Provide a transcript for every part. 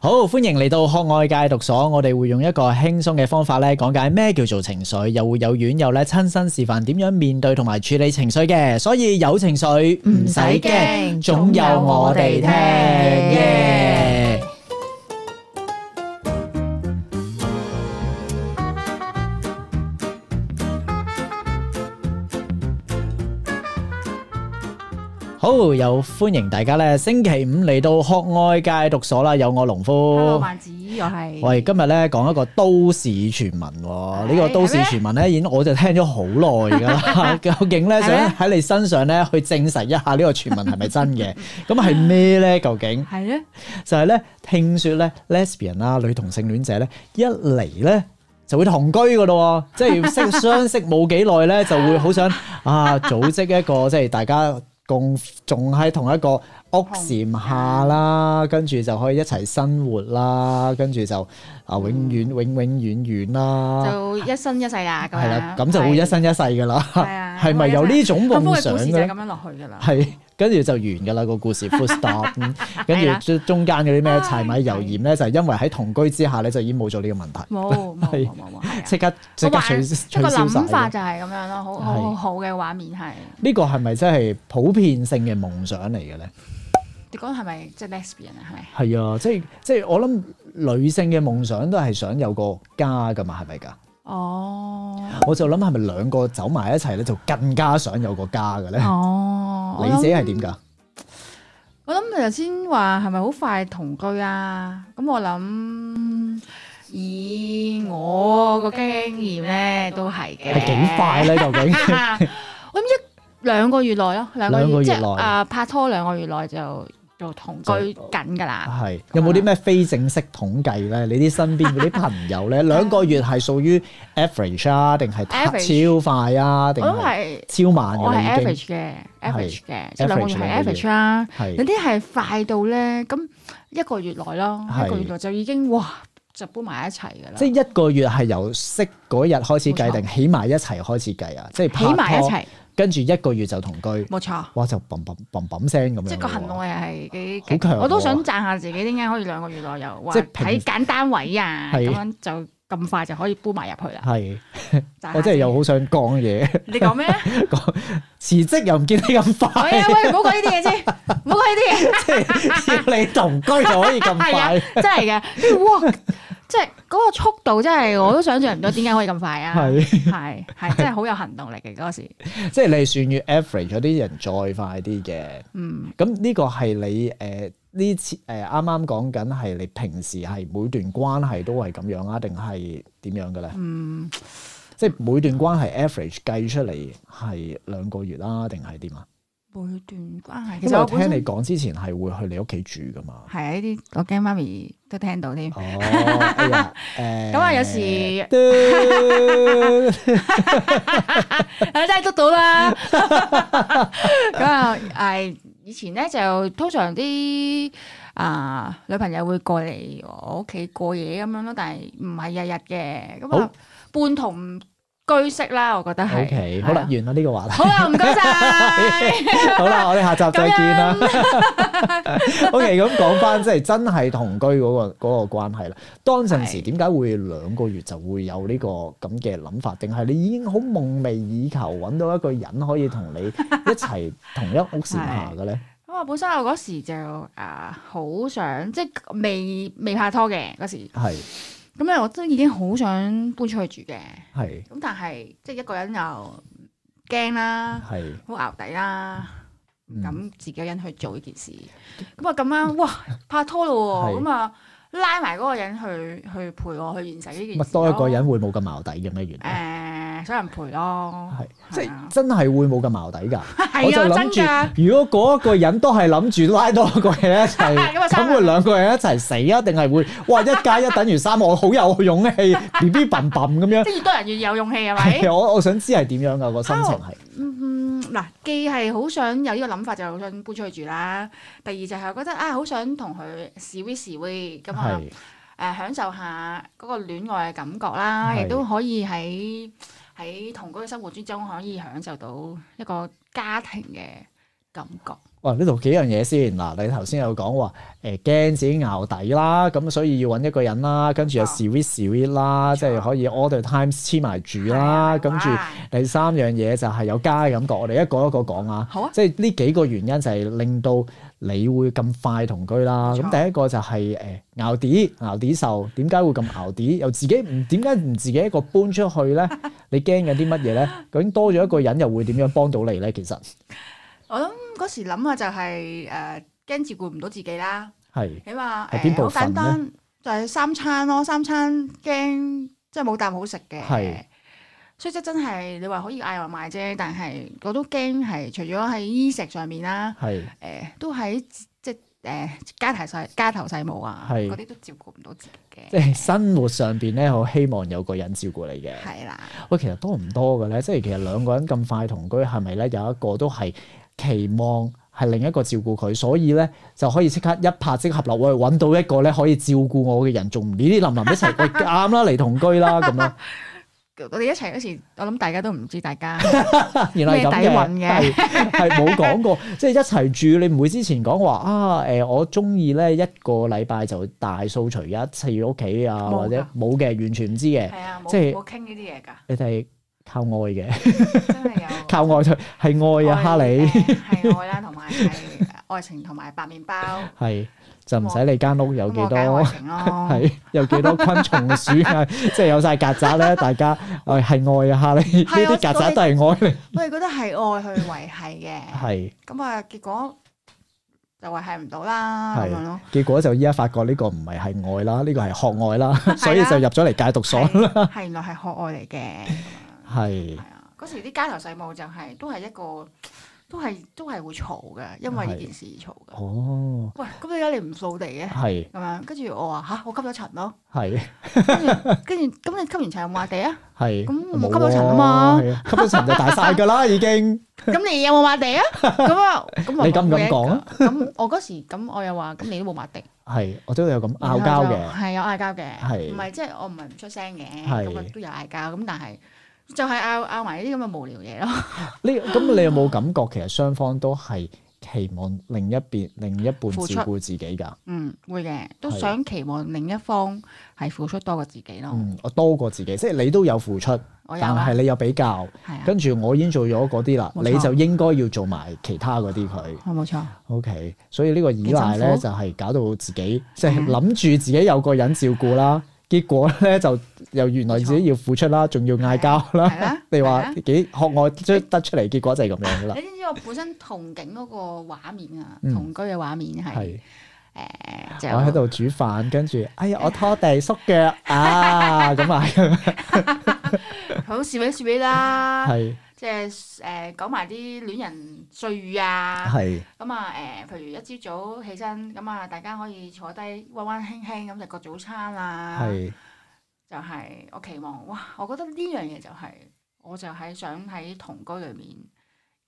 好，歡迎嚟到學愛戒毒所。我哋會用一個輕鬆嘅方法咧，講解咩叫做情緒，又會有院友咧親身示範點樣面對同埋處理情緒嘅。所以有情緒唔使驚，總有我哋聽好，又歡迎大家咧，星期五嚟到學愛界讀所啦，有我農夫，阿萬子，我係，喂，今日咧講一個都市傳聞，呢個都市傳聞咧，已經我就聽咗好耐噶啦，究竟咧想喺你身上咧去證實一下呢個傳聞係咪真嘅？咁係咩咧？究竟係咧？就係咧，聽說咧，Lesbian 啊，女同性戀者咧，一嚟咧就會同居噶咯，即係要識相識冇幾耐咧，就會好想啊，組織一個即係大家。共仲喺同一個屋檐下啦，跟住就可以一齊生活啦，跟住就啊永遠永永遠遠啦，就一生一世啦，係啦，咁就會一生一世噶啦，係咪有呢種夢想咧？咁樣落去噶啦。跟住就完噶啦、個故事。full stop。跟住中間嗰啲咩柴米油鹽咧，就係 因為喺同居之下咧，就已經冇咗呢個問題。冇，即 刻即刻取說取消曬。一個諗法就係咁樣咯是，好好好嘅畫面係。呢個係咪真係普遍性嘅夢想嚟嘅咧？你講係咪即係 lesbian 啊？係咪？係啊，即係即係我諗女性嘅夢想都係想有個家噶嘛，係咪㗎？哦，我就諗係咪兩個走埋一齊咧就更加想有個家嘅咧？哦，你姐係點噶？我諗佢頭先話係咪好快同居啊？咁我諗以我個經驗咧都係嘅，係幾快咧？究竟我諗一兩個月內咯，兩個月即係啊，拍拖兩個月內就。做同居緊㗎啦，係有冇啲咩非正式統計咧？你啲身邊嗰啲朋友咧，兩個月係屬於 average 啊，定係超快啊？定係我係超慢？我係 average 嘅，average 嘅，兩個月係 average 啊。有啲係快到咧，咁一個月內囉，一個月內就已經哇就搬埋一齊㗎啦。即係一個月係由識嗰日開始計，定起埋一齊開始計啊？即係起埋一齊。跟住一個月就同居，冇錯，哇就砰砰砰砰聲咁樣，即係個行動力係幾好強，我都想讚下自己點解可以兩個月內又即係睇揀單位啊，咁樣就咁快就可以搬埋入去啦。係，我真係又好想講嘢，你講咩？講辭職又唔見你咁快，喂喂，唔好講呢啲嘢先，唔好講呢啲嘢，即係要你同居就可以咁快，真係嘅。即係嗰、嗰個速度真，真係我都想象唔到點解可以咁快啊！係係係，真係好有行動力嘅嗰 時。 即係你算於 average 咗啲人再快啲嘅，嗯。咁呢個係你誒呢、呃、次誒啱啱講緊係你平時係每段關係都係咁樣啊？定係點樣嘅咧？嗯。即係每段關係 average 計出嚟係兩個月啦，定係點啊？每段關係，其實我，我聽你講之前係會去你屋企住㗎嘛？係啊，呢啲我驚媽咪都聽到添。哦，咁啊，有時真係捉到啦。咁啊，誒，以前咧，就通常啲啊、呃、女朋友會過嚟我屋企過夜咁樣咯，但係唔係日日嘅。咁啊，半同。居息啦，我覺得係。OK，好啦，完啦呢個話題。好啦，唔該晒。好啦，我哋下集再見啦。OK，咁講返，即係真係同居嗰個嗰個關係啦。當陣時點解會兩個月就會有呢個咁嘅諗法？定係你已經好夢寐以求揾到一個人可以同你一齊同一屋檐下嘅咧？咁啊，本身我嗰時就啊，好想即係未未拍拖嘅嗰時。係。咁咧、嗯，我真係已經好想搬出去住嘅。係咁是，但係即係一個人又驚啦，好淆底啦，咁、嗯、自己一個人去做呢件事。咁啊，咁啱哇，拍拖咯喎，咁啊 是～拉埋嗰個人去去陪我去完成呢件事，咪多一個人會冇咁矛盾嘅咩原來？誒，想人陪咯，係即係真係會冇咁矛盾㗎。我就諗住，如果嗰一個人都係諗住拉多一個人一齊，咁會兩個人一齊死啊？定係會哇一加一等於三？我好有勇氣，B B 笨笨咁樣。即係越多人越有勇氣係咪？我我想知係點樣㗎個心情係。嗯，嗱，既係好想有呢個諗法，就好想搬出去住啦。第二就係我覺得啊，好想同佢示威示威，咁樣，誒是、呃，享受下嗰個戀愛嘅感覺啦。是亦都可以喺喺同居嘅生活之中，可以享受到一個家庭嘅感覺哇，呢度幾樣嘢先嗱，你頭先有講話誒，驚、欸、自己熬底啦，咁所以要揾一個人啦，跟住又試 week 試 week 啦，即係著、嗯、可以 all the time 黐埋住啦，對跟住第三樣嘢就係有家嘅感覺，我哋一個一個講啊，即係呢幾個原因就係令到你會咁快同居啦。咁錯、嗯、第一個就係誒熬底，熬底受，點解會咁熬底？又自己唔點解唔自己一個搬出去咧？ 你驚緊啲乜嘢咧？究竟多咗一個人又會點樣幫到你咧？其實？我諗嗰時諗下就係誒驚照顧唔到自己啦，係起碼好簡單就係三餐咯，三餐驚即係冇啖好食嘅，係所以即係真係你話可以嗌外賣啫，但係我都驚係除咗喺衣食上面啦，係誒都喺即係誒家頭細家頭細務啊，係嗰啲都照顧唔到自己嘅。即係生活上面咧，我希望有個人照顧你嘅。係啦，喂，其實多唔多嘅咧？即係其實兩個人咁快同居，係咪咧有一個都係？期望係另一個照顧佢，所以呢就可以即刻一拍即合落去揾到一個呢可以照顧我嘅人，仲唔理啲林林一齊，喂，啱啦嚟同居啦咁咯。我哋一齊嗰時，我諗大家都唔知大家原來咩底蘊嘅，係冇講過，即係一齊住，你唔會之前講話啊誒，我鍾意呢一個禮拜就大掃除一次屋企啊，或者冇嘅，完全唔知嘅，即係冇傾呢啲嘢㗎，你哋。靠愛嘅，靠愛就係愛啊，哈利係愛啦，同埋係愛情同埋白麵包係就唔使你間屋有幾多係有幾多昆蟲鼠啊，即係有晒曱甴咧，大家誒係愛啊，哈利呢啲曱甴都係愛嚟，我哋覺得係愛去維繫嘅，係咁啊，結果就維繫唔到啦咁樣咯。結果就依家發覺呢個唔係係愛啦，呢個係學愛啦，所以就入咗嚟戒毒所啦。係原來係學愛嚟嘅。係，係啊！嗰時啲家頭細務就係都係一個，都係都係會嘈嘅，因為呢件事而嘈嘅。哦，喂，咁點解你唔掃地嘅？係咁樣，跟住我話吓，我吸咗塵咯。係，跟住，跟住，咁你吸完塵有冇抹地啊？係，咁我冇吸咗塵啊嘛，吸咗塵就大曬噶啦，已經。咁你有冇抹地啊？咁啊，咁你敢唔敢講？咁我嗰時咁，我又話咁你都冇抹地。係，我都有咁拗交嘅，係有嗌交嘅，係唔係即係我唔係唔出聲嘅，咁啊都有嗌交，咁但係。就係拗拗埋呢啲咁嘅無聊嘢咯。呢 咁你，你有冇感覺其實雙方都係期望另一邊另一半照顧自己㗎？嗯，會嘅，都想期望另一方係付出多過自己咯。嗯，多過自己，即係你都有付出，有但係你有比較，跟住的我已經做咗嗰啲啦，的你就應該要做埋其他嗰啲佢。係，冇錯。OK，所以呢個依賴咧就係搞到自己，即係諗住自己有個人照顧啦的。結果咧就又原來自己要付出啦，仲要嗌交啦。 你話幾學我得出嚟？結果就係咁樣噶啦。的你知唔知我本身憧憬嗰個畫面啊，嗯、同居嘅畫面係誒，的呃、就我喺度煮飯，跟住哎呀我拖地、縮腳啊咁啊， 好笑咪笑咪啦。即係誒講埋啲戀人絮語啊，咁啊誒，譬如一朝早起身，咁啊大家可以坐低溫溫馨馨咁食個早餐啊，是就係我期望。哇！我覺得呢樣嘢就係、是，我就係想喺同居裏面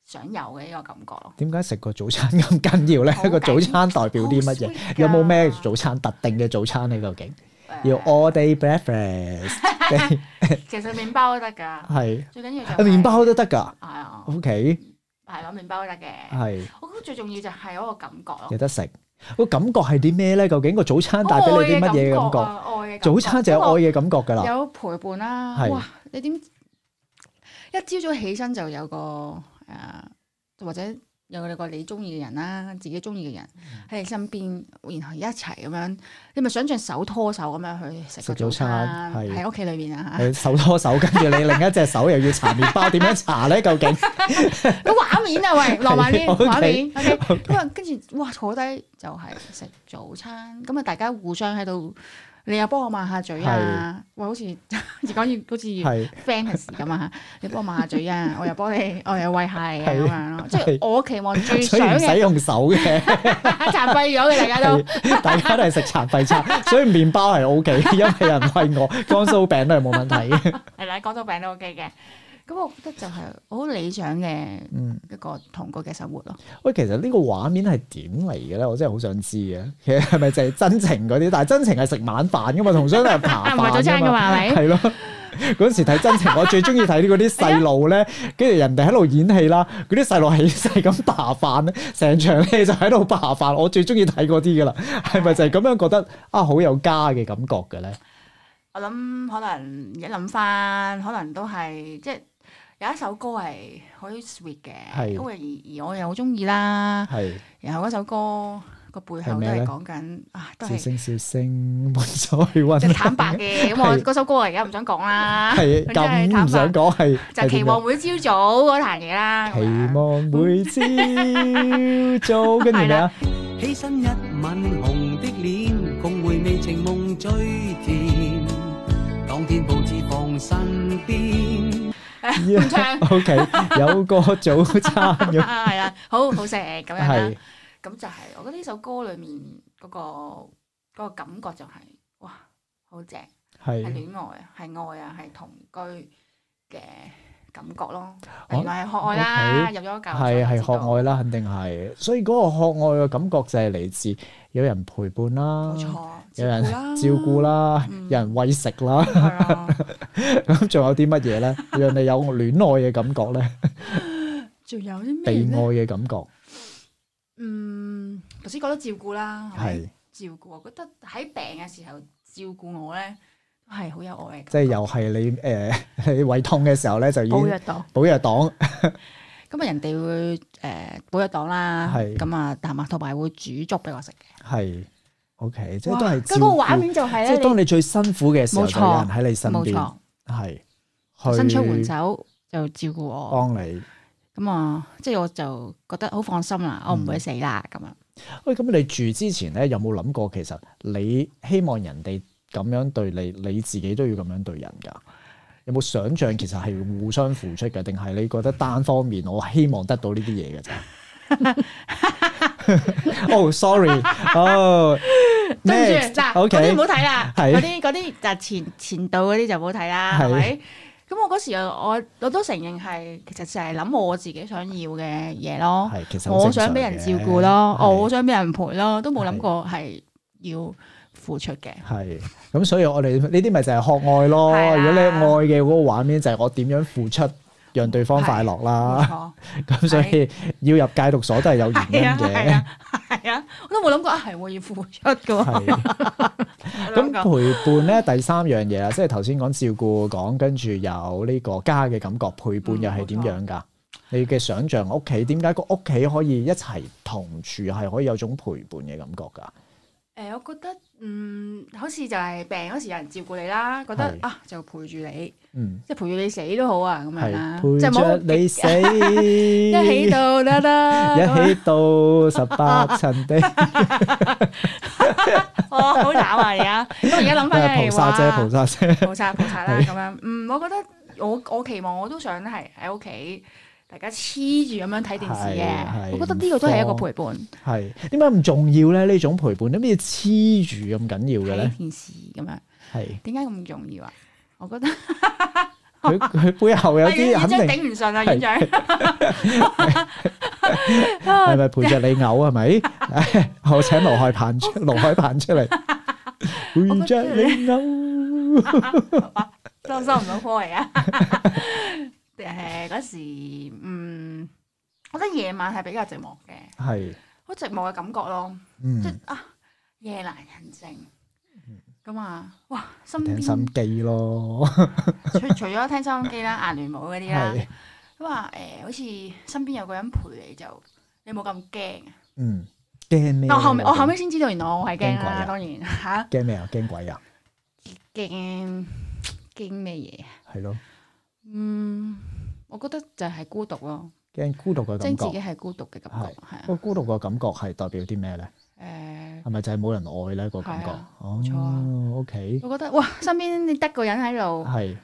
想有嘅一個感覺咯。點解食個早餐咁緊要咧？一個緊早餐代表啲乜嘢？有冇咩早餐特定嘅早餐你究竟？ 要 all day breakfast，其實麵包都得㗎。係最緊要啊，麵包都得㗎，係啊，OK，係咯，麵包都得嘅，係。我覺得最重要就係嗰個感覺咯，有得食個感覺係啲咩咧？究竟個早餐帶俾你啲乜嘢感覺？早餐就有愛嘅感覺㗎啦，有陪伴啦，係，哇！你點一朝早起身就有個誒或者？有一個你中意嘅人啦，自己中意嘅人喺你身邊，然後一齊咁樣，你咪想像手拖手咁樣去食個早餐，喺屋企裏面啊，手拖手，跟住你另一隻手又要搽麵包，點樣搽咧？究竟個 畫面啊，喂，落埋啲、okay, 畫面，跟、okay? 住 okay 哇，坐低就係、是、食早餐，咁啊，大家互相喺度。你又幫我抹下嘴啊？喂是，好似越講越好似 friend 嘅事咁啊！你幫我抹下嘴啊！我又幫你，我又餵下你啊咁樣，即係我期望最想嘅。所以唔使用，用手嘅 殘廢咗嘅大家都大家都係食殘廢餐， 所以麪包係 O K，因為人餵我， 乾酥餅都係冇問題嘅。係啦，乾酥餅都 O K 嘅。咁我覺得就係好理想嘅一個同居嘅生活咯。喂、嗯，其實呢個畫面係點嚟嘅咧？我真係好想知嘅。其實係咪就係真情嗰啲？但係真情係食晚飯噶嘛，同桌嚟扒飯啊嘛。係咪？ 係咯嗎。嗰是嗎 時睇真情，我最中意睇啲嗰啲細路咧，跟住 嗎人哋喺度演戲啦，嗰啲細路起勢咁扒飯咧，成場戲就喺度扒飯。我最中意睇嗰啲噶啦，係咪就係咁樣覺得啊？好有家嘅感覺嘅咧。 我諗可能一諗翻，可能都係即係。有一首歌係可以 sweet 嘅，因為而而我又好中意啦。然後嗰首歌個背後都係講緊啊，都係笑聲笑聲滿在溫。就坦白嘅，咁我嗰首歌而家唔想講啦，咁唔想講係。就期望每朝早嗰陣嘢啦。期望每朝早跟住咩啊？起身一吻紅的臉，共回味情夢最甜。當天報紙放身邊。Yeah , o、okay, k 有個早餐係啦， 好好食咁樣，咁是就係、是、我覺得呢首歌裏面嗰、那個那個那個感覺就係、是、哇，好正，係戀是愛啊，係愛啊，係同居嘅。感覺咯，原來係學愛啦，入咗教係係學愛啦，肯定係。所以嗰個學愛嘅感覺就係嚟自有人陪伴啦，冇錯，有人照顧啦，有人喂食啦。咁仲有啲乜嘢咧？讓你有戀愛嘅感覺咧？仲有啲咩？被愛嘅感覺？嗯，頭先講咗照顧啦，係照顧，覺得喺病嘅時候照顧我咧。係好有愛嘅，即係又係你誒，你胃痛嘅時候咧就要保藥黨，保藥黨。咁啊，人哋會誒保藥黨啦，係咁啊，同埋同埋會煮粥俾我食嘅。係，OK，即係都係。咁個畫面就係咧，即係當你最辛苦嘅時候，人喺你身邊，係伸出援手就照顧我，幫你。咁啊，即係我就覺得好放心啦，我唔會死啦咁啊。喂，咁你住之前咧，有冇諗過其實你希望人哋？咁樣對你，你自己都要咁樣對人噶。有冇想象其實係互相付出嘅，定係你覺得單方面我希望得到呢啲嘢嘅啫？哦，sorry，哦，咩？嗰啲唔好睇啦，係嗰啲嗰啲就前前度嗰啲就唔好睇啦，係咪？咁我嗰時我我都承認係，其實成日諗我自己想要嘅嘢咯。係，其實我想俾人照顧咯，我想俾人陪咯，都冇諗過係要。付出嘅係咁，所以我哋呢啲咪就係學愛咯。啊、如果你愛嘅嗰個畫面就係、是、我點樣付出，讓對方快樂啦。咁 所以、啊、要入戒毒所都係有原因嘅。係啊，啊，啊，我都冇諗過，係、啊啊、要付出嘅。咁是 陪伴咧，第三樣嘢啊，即係頭先講照顧，講跟住有呢個家嘅感覺，陪伴又係點樣噶？嗯、你嘅想象屋企，點解個屋企可以一齊同住，係可以有種陪伴嘅感覺噶？誒、欸，我覺得。嗯，好似就係病嗰時有人照顧你啦，覺得啊就陪住你，即係陪住你死都好啊咁樣啦，即係冇你死一起到啦啦，一起到十八層地，我好鬧啊而家，因為而家諗翻嚟，菩薩姐，菩薩姐，菩薩菩薩啦咁樣，嗯，我覺得我我期望我都想係喺屋企。大家黐住咁樣睇電視嘅，係係我覺得呢個都係一個陪伴。係點解唔重要咧？呢種陪伴點解黐住咁緊要嘅咧？睇電視咁樣係點解咁重要啊？我覺得佢佢背後有啲真係頂唔順啊！院長係咪陪着你嘔係咪？我請羅海盼出羅海盼出嚟陪着你嘔、呃。唔什麼嚟啊？ 誒，嗰、呃、時嗯，我覺得夜晚係比較寂寞嘅，係好是寂寞嘅感覺咯，嗯、即係啊，夜闌人靜咁啊，哇，聽收音機咯，除除咗聽收音機啦，阿聯舞嗰啲啦，咁啊是，誒、呃，好似身邊有個人陪你，就你冇咁驚，嗯，驚咩？我後尾我後尾先知道，原來我係驚啦，鬼當然吓，驚咩啊？驚鬼啊？驚驚咩嘢係咯。嗯，我覺得就係孤獨咯，驚孤獨嘅感覺，即係自己係孤獨嘅感覺，係啊。個孤獨嘅感覺係代表啲咩咧？誒，係咪就係冇人愛咧？個感覺，哦，冇錯。O K，我覺得哇，身邊你得個人喺度係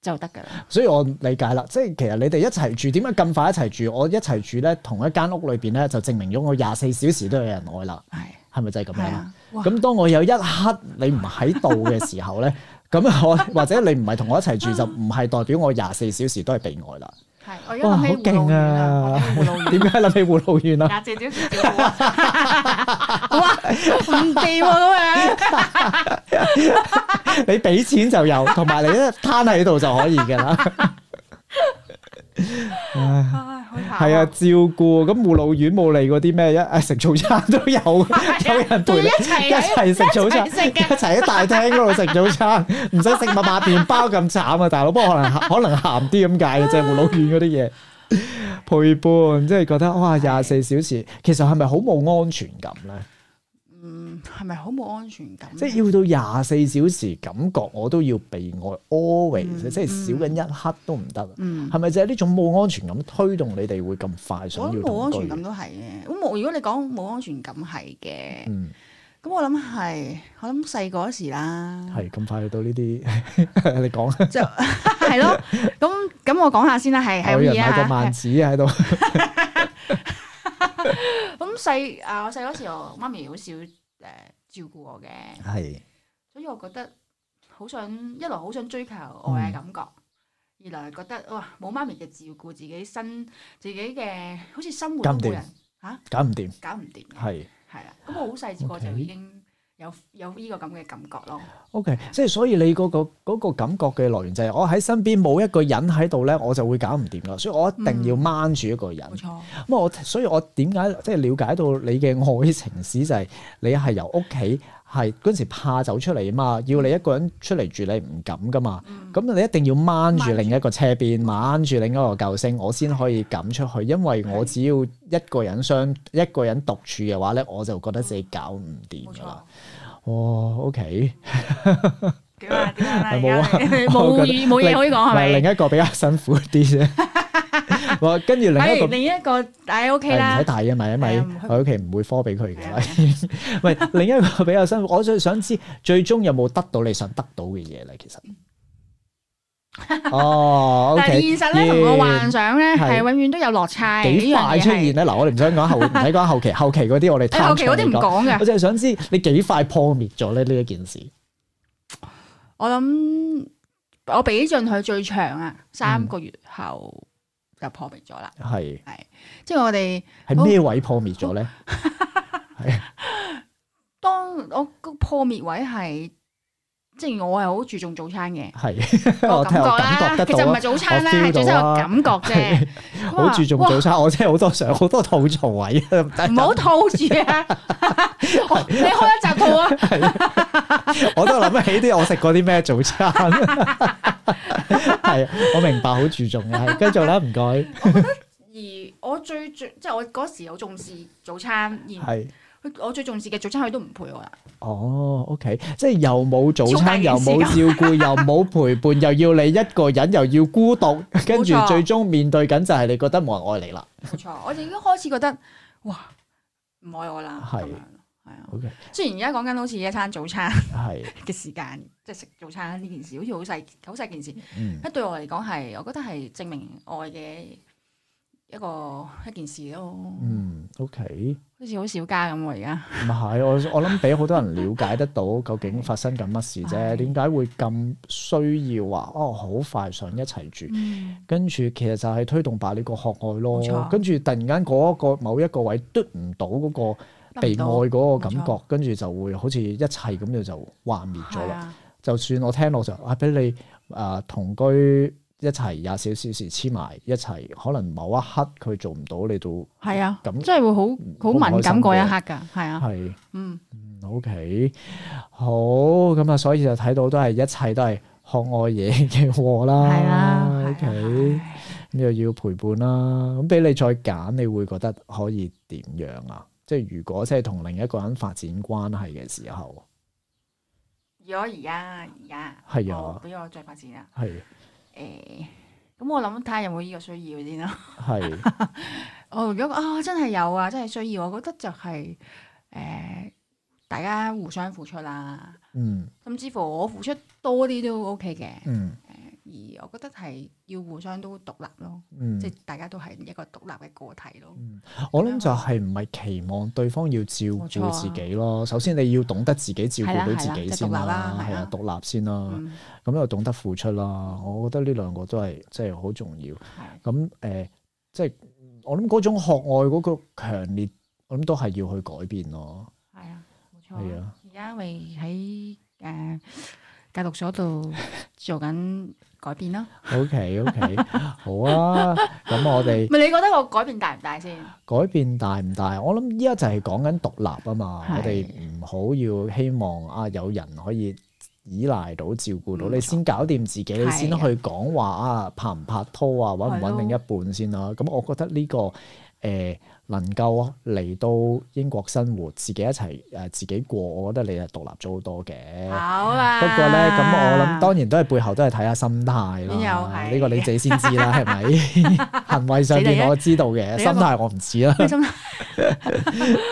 就得噶啦。所以我理解啦，即係其實你哋一齊住，點解咁快一齊住？我一齊住咧，同一間屋裏邊咧，就證明咗我廿四小時都有人愛啦。係，係咪就係咁樣？咁當我有一刻你唔喺度嘅時候咧？咁啊，或者你唔係同我一齊住 就唔係代表我廿四小時都係被愛啦。係，哇，好勁啊！點解諗起護老院啊？哇，唔掂啊，咁樣。你俾錢就有，同埋你攤喺度就可以㗎啦。 唉係啊，照顧咁護老院冇嚟過嗰啲咩一誒食、啊、早餐都有 有人陪你，你一齊食早餐，一齊喺大廳嗰度食早餐，唔使 食麥麥麵包咁慘啊！大佬， 不過可能可能鹹啲咁解嘅啫，護老院嗰啲嘢陪伴，即係覺得哇，廿四小時，其實係咪好冇安全感咧？係咪好冇安全感？即係要到廿四小時感覺，我都要被愛 always，即係少緊一刻都唔得。嗯，係咪就係呢種冇安全感推動你哋會咁快想要？我冇安全感都係嘅。咁冇，如果你講冇安全感係嘅，嗯，咁我諗係，我諗細個嗰時啦。係咁快去到呢啲，你講就係咯。咁咁，我講下先啦。係係唔？有人買個萬子喺度。咁細啊！我細個時候，我媽咪好少。誒，照顧我嘅，是所以我覺得好想一來好想追求愛嘅感覺，嗯、二來覺得哇，冇媽咪嘅照顧自，自己身自己嘅好似生活咁。冇人嚇，搞唔掂，搞唔掂，係係啦，咁我好細個就已經。有有呢個咁嘅感覺咯 okay、嗰個。OK，即係所以你嗰個感覺嘅來源就係我喺身邊冇一個人喺度咧，我就會搞唔掂啦。所以我一定要掹住一個人。冇、嗯、錯。咁我所以我點解即係了解到你嘅愛情史就係、是、你係由屋企。係嗰陣時怕走出嚟啊嘛，要你一個人出嚟住你唔敢噶嘛。咁、嗯、你一定要掹住另一個車邊，掹住是另一個救星，我先可以敢出去。因為我只要一個人相是一個人獨處嘅話咧，我就覺得自己搞唔掂噶啦。錯哦，OK，幾冇啊？冇冇嘢可以講係咪？另一個比較辛苦啲啫。 跟住另一個，另一個喺屋企啦，唔使大嘅咪，因為喺屋企唔會科俾佢嘅。喂，另一個比較辛苦，我最想知最終有冇得到你想得到嘅嘢咧？其實，哦，嗱，現實咧同個幻想咧係永遠都有落差。幾快出現咧？嗱，我哋唔想講後唔使講後期，後期嗰啲我哋。後期嗰啲唔講嘅，我淨係想知你幾快破滅咗咧？呢一件事，我諗我畀盡佢最長啊，三個月後。就破滅咗啦，係係是，即係我哋係咩位破滅咗咧？ 當我個破滅位係。正如我係好注重早餐嘅，係我感覺啦，其實唔係早餐啦，係早餐嘅感覺啫，好注重早餐，我真係好多想好多吐槽位，唔好套住啊！你開一集套啊！我都諗得起啲我食過啲咩早餐，係我明白好注重嘅。繼續啦，唔該。而我最即係我嗰時好重視早餐，係。佢我最重視嘅早餐，佢都唔陪我啦。哦，OK，即係又冇早餐，又冇照顧，又冇陪伴，又要你一個人，又要孤獨，跟住最終面對緊就係你覺得冇人愛你啦。冇錯，我哋已經開始覺得哇，唔愛我啦。係，係啊。OK。雖然而家講緊好似一餐早餐，係嘅時間，即係食早餐呢件事，好似好細好細件事。嗯。但對我嚟講係，我覺得係證明愛嘅一個一件事咯。嗯，OK。好似好少家咁喎，而家唔係我我諗俾好多人了解得到究竟發生緊乜事啫？點解、 啊、對會咁需要話？哦，好快想一齊住，嗯、跟住其實就係推動埋呢個學愛咯。錯跟住突然間個某一個位嘟唔到嗰個被愛嗰個感覺，錯跟住就會好似一切咁樣就幻滅咗啦。啊、就算我聽落就啊，俾你啊同居。呃一齊廿少少時黐埋，一齊可能某一刻佢做唔到，你都係啊，咁真係會好好敏感嗰一刻㗎，係啊，係，嗯，OK，好，咁啊，所以就睇到都係一切都係學愛嘢嘅喎啦，係啦，OK，咁又要陪伴啦，咁俾你再揀，你會覺得可以點樣啊？即係如果即係同另一個人發展關係嘅時候，如果而家而家係啊，俾我，我再發展啊，係，啊。誒，咁、欸、我諗睇下有冇呢個需要先咯。係，我是 如果啊、哦、真係有啊，真係需要、啊，我覺得就係、是、誒、呃，大家互相付出啦、啊。嗯，甚至乎我付出多啲都 OK 嘅。嗯。而我覺得係要互相都獨立咯，嗯、即係大家都係一個獨立嘅個體咯。嗯、我諗就係唔係期望對方要照顧自己咯，啊、首先你要懂得自己照顧好自己先啦，係啊，獨立先啦，咁、嗯、又懂得付出啦。我覺得呢兩個都係即係好重要。咁誒、啊，即係、呃就是、我諗嗰種學愛嗰個強烈，我諗都係要去改變咯。係啊，冇錯。而家、啊、為喺誒監獄所度做緊。 改變啦，OK OK，好啊，咁我哋咪你覺得我改變大唔大先？改變大唔大？我諗依家就係講緊獨立啊嘛，我哋唔好要希望啊有人可以依賴到照顧到你，先搞掂自己，你先去講話啊拍唔拍拖啊，搵唔搵另一半先啦。咁我覺得呢個誒。能夠嚟到英國生活，自己一齊誒、呃，自己過，我覺得你係獨立咗好多嘅。好啊，不過咧，咁我諗當然都係背後都係睇下心態咯。呢是個你自己先知啦，係咪？ 行為上邊我知道嘅，心態我唔知啦心。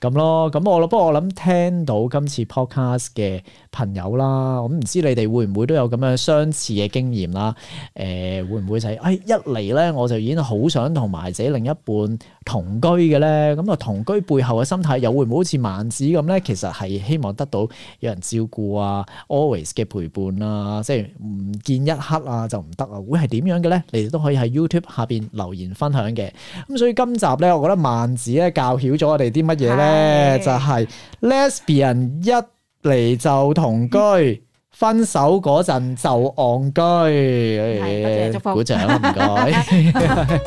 咁咯，咁我咯，不過我諗聽到今次 podcast 嘅朋友啦，咁唔知你哋會唔會都有咁樣相似嘅經驗啦。誒、呃，會唔會就係誒一嚟咧，我就已經好想同埋自己另一半同居嘅咧。咁、嗯、啊，同居背後嘅心態又會唔會好似萬子咁咧？其實係希望得到有人照顧啊，always 嘅陪伴啊，即係唔見一刻啊就唔得啊，會係點樣嘅咧？你哋都可以喺 YouTube 下邊留言分享嘅。咁、嗯、所以今集咧，我覺得萬子咧教曉咗我哋啲乜嘢咧。誒，就係 Lesbian 一嚟就同居，分手嗰陣就戇居。多謝祝福，鼓掌，唔該。